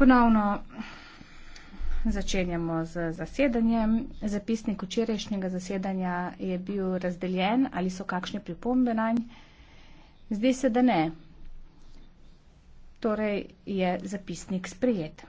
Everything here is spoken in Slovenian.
Ponovno začenjamo z zasedanjem. Zapisnik včerajšnjega zasedanja je bil razdeljen, ali so kakšne pripombe na nj. Zdi se, da ne. Torej je zapisnik sprejet.